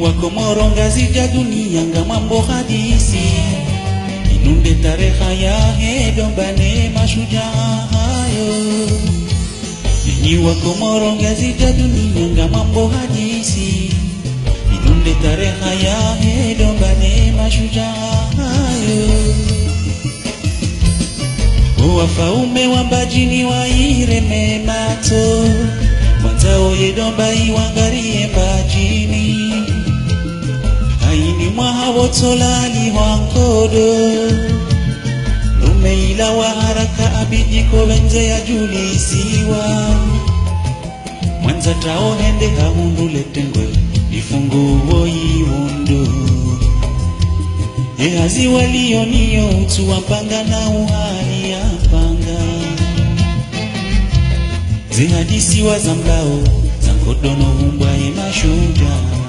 wa Komoro ngazi ja dunia nga mambo hadisi inunde tareha ya hedombane mashujaa hayo wa Komoro ngazi ja dunia nga mambo hadisi inunde tareha ya hedombane mashujaa hayo Wafaume wambajini waireme mato mwanzao yedomba iwangarie mbajini mwabotolani wakodo nkodo lumeila wa haraka ya venze yajulisiwa mwenza tao hende hahundulete ifunguo iwondo ehazi waliyoniyo utu wapanga na uhali yapanga zihadisiwa za mlao za nkodono humbwa emashujaa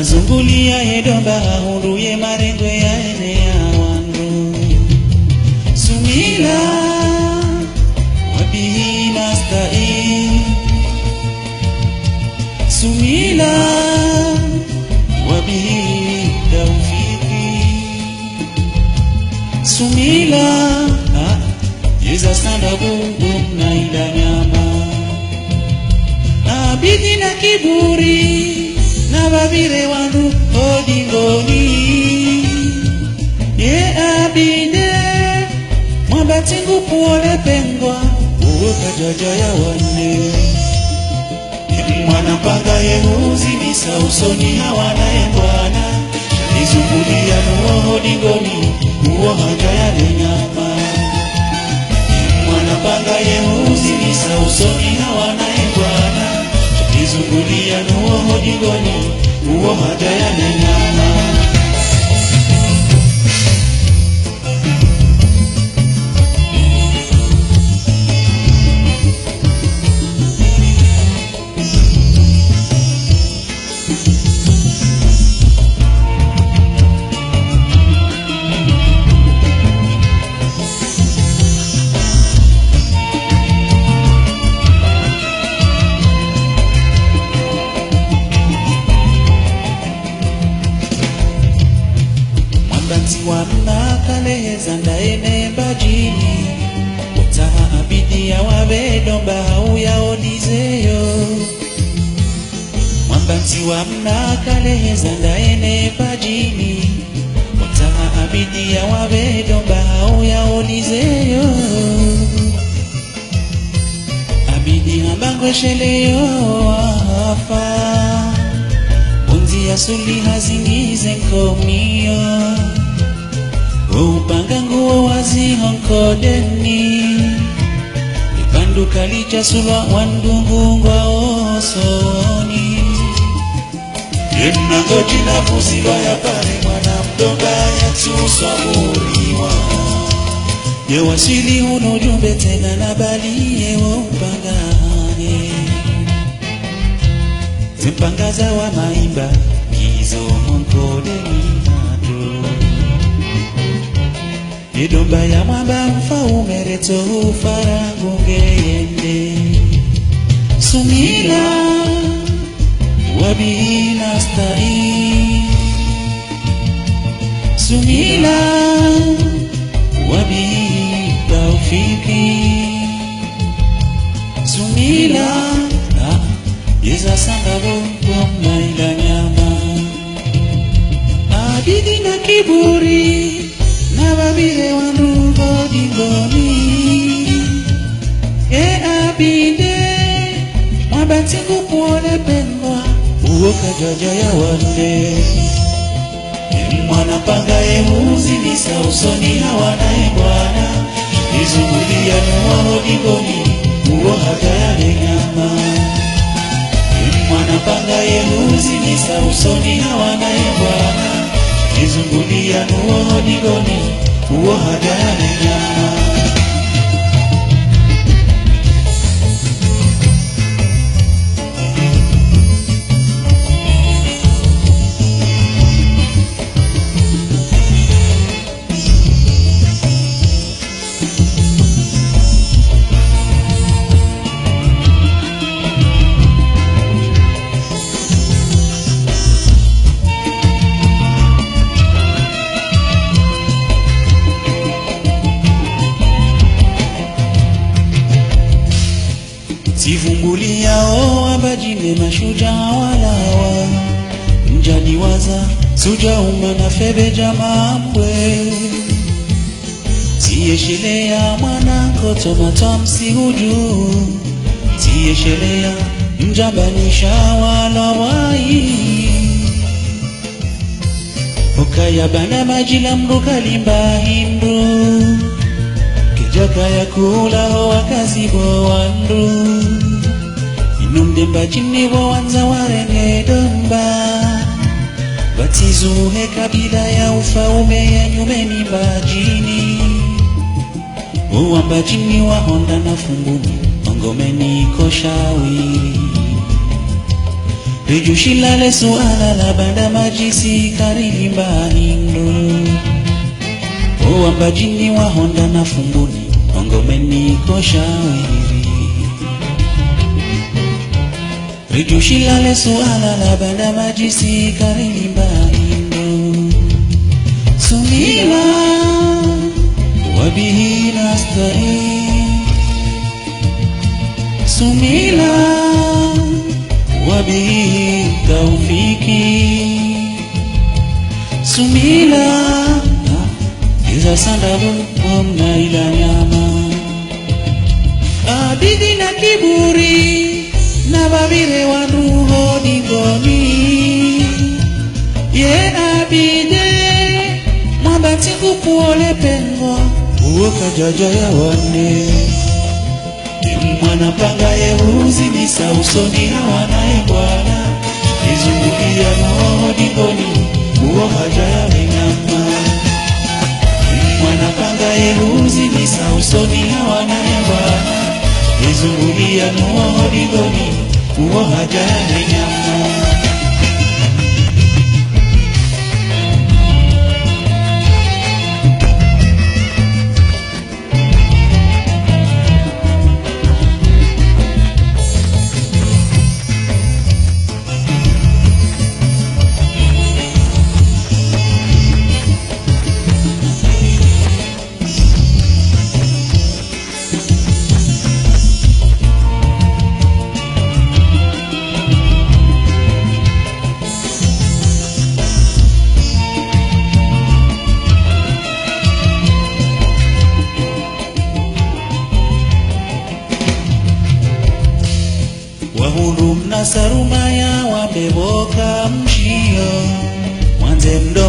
azunguliaye domba ahunduye marengo yaene ya wangu sumila wabihi nastai sumila wabihi daufiki sumila yezasanda na idanyama Abidi na kiburi ababire wandu odingoni ye abide mwabatingu puole pengwa uweka jaja ya wanne mwanampanga yehuzi misa usoni hawanaembwana nisukulia nuo odingoni uwo haja ya lenyama mwana panga yehuzi misa usoni Dunia nuwo mo jigoni, uwo madaya ni zandaye nemba jini wataha abidia wabedomba hauyaodizeyo mwamba wa mna kalehe zandaye nemba jini wataha abidia wabedomba hauyaodizeyo abidi hambangwesheleyoa hafa bunzi ya suli hazingize nkomio Upanga nguo wazihonkodeni ipanduka lichasulwa wandungu ngwaosoni emnangojina kusilwa ya pale mwana mdoga yatsuswa muliwa yewasili uno ujumbe tena na bali upangane zimpangaza wa maimba gizo honkodeni iduba ya mwamba mfau mereto fara gungeyende sumina wabihi nasta'in sumina wabihi tawfiki sumina yeza sangabo kwa maila nyama abidi na kiburi E Kajaja ya wanne mwanapanga emuzi misa usoni hawanaye bwana izungulia nuwahodigoni uwo hagayale nyama mwanapanga emuzi misa usoni hawanaye bwana ukizungulia uo Dodoni uo Hadari nyama mashujaa walawa njaniwaza sujauma na febeja mabwe tiyeshelea mwanako tomatamsi huju tiyeshelea mjabanisha walawai ukayabana majila mru kalimba himru kejakayakulaho wakazibo wandu Nom de bajini wa wanza domba Batizuhe kabila ya ufaume ya nyumeni mbajini Uwa bajini wa honda na funguni Ongomeni koshawili Rijushilale suala la banda majisi karilimba hindu Uwa bajini wa honda na funguni Ongomeni koshawi Tujushia lale suala la banda majisi karilimba indo sumila wabihi nastari sumila wabihi taufiki sumila iza sandalu wamna ila nyama abidi na kiburi ababire wanduho digoni ye abide ya wane mwana panga ye uzi misa usoni hawanaye bwana izungukia roho digoni uoka jaja meng'ama mwana panga ye uzi misa usoni hawanaye bwana izungulia roho digoni وهجاني جنبه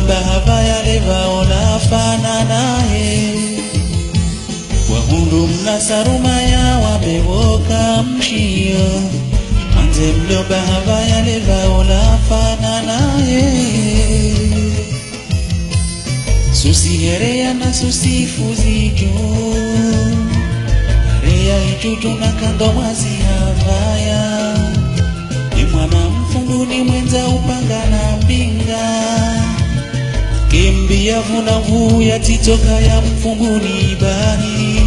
kwamba haba leva onafana naye wahundu mna sarumaya wamewoka mshio anze hapa haba leva onafana susi susiherea na susi zijo rea ichucho na kandomwazi havaya ni mwana ni mwenza upanga na mbinga kimbia vunavu yatitoka ya mfunguni bahi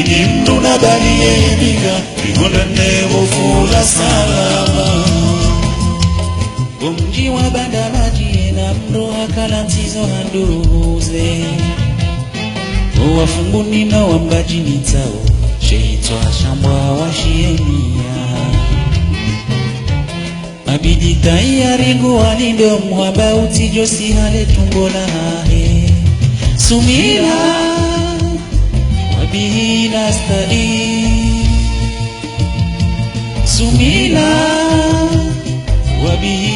ini mtu na bari yebiga igondane bofu salama omji wa bandamaji na mro akalantizo handuze wafunguni na wambajini tao sheitwa shambwa washiemia bidi nguwani ndo mhaba utijosi hale tumbo hahe sumila wabihi stadi sumila wabihi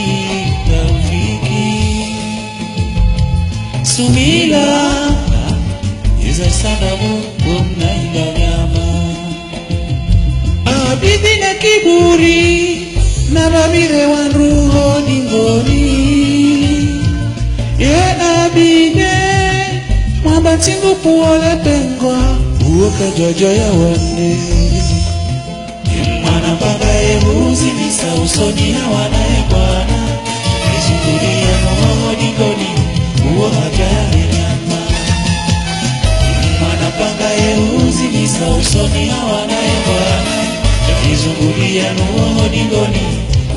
taufiki sumila iza sadamu wa mnaila nyama abidi na kiburi namire wanruhoni ngoni dingoni ye abine mwamba tingu puole pengwa uoka jojo ya wane mwana mpanga ye huuzi misa usoni hawana bwana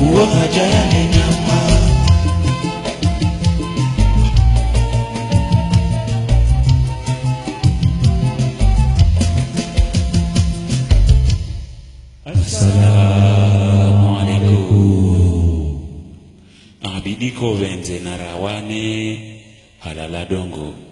kuwa haja abidiko benze na rawane halala dongo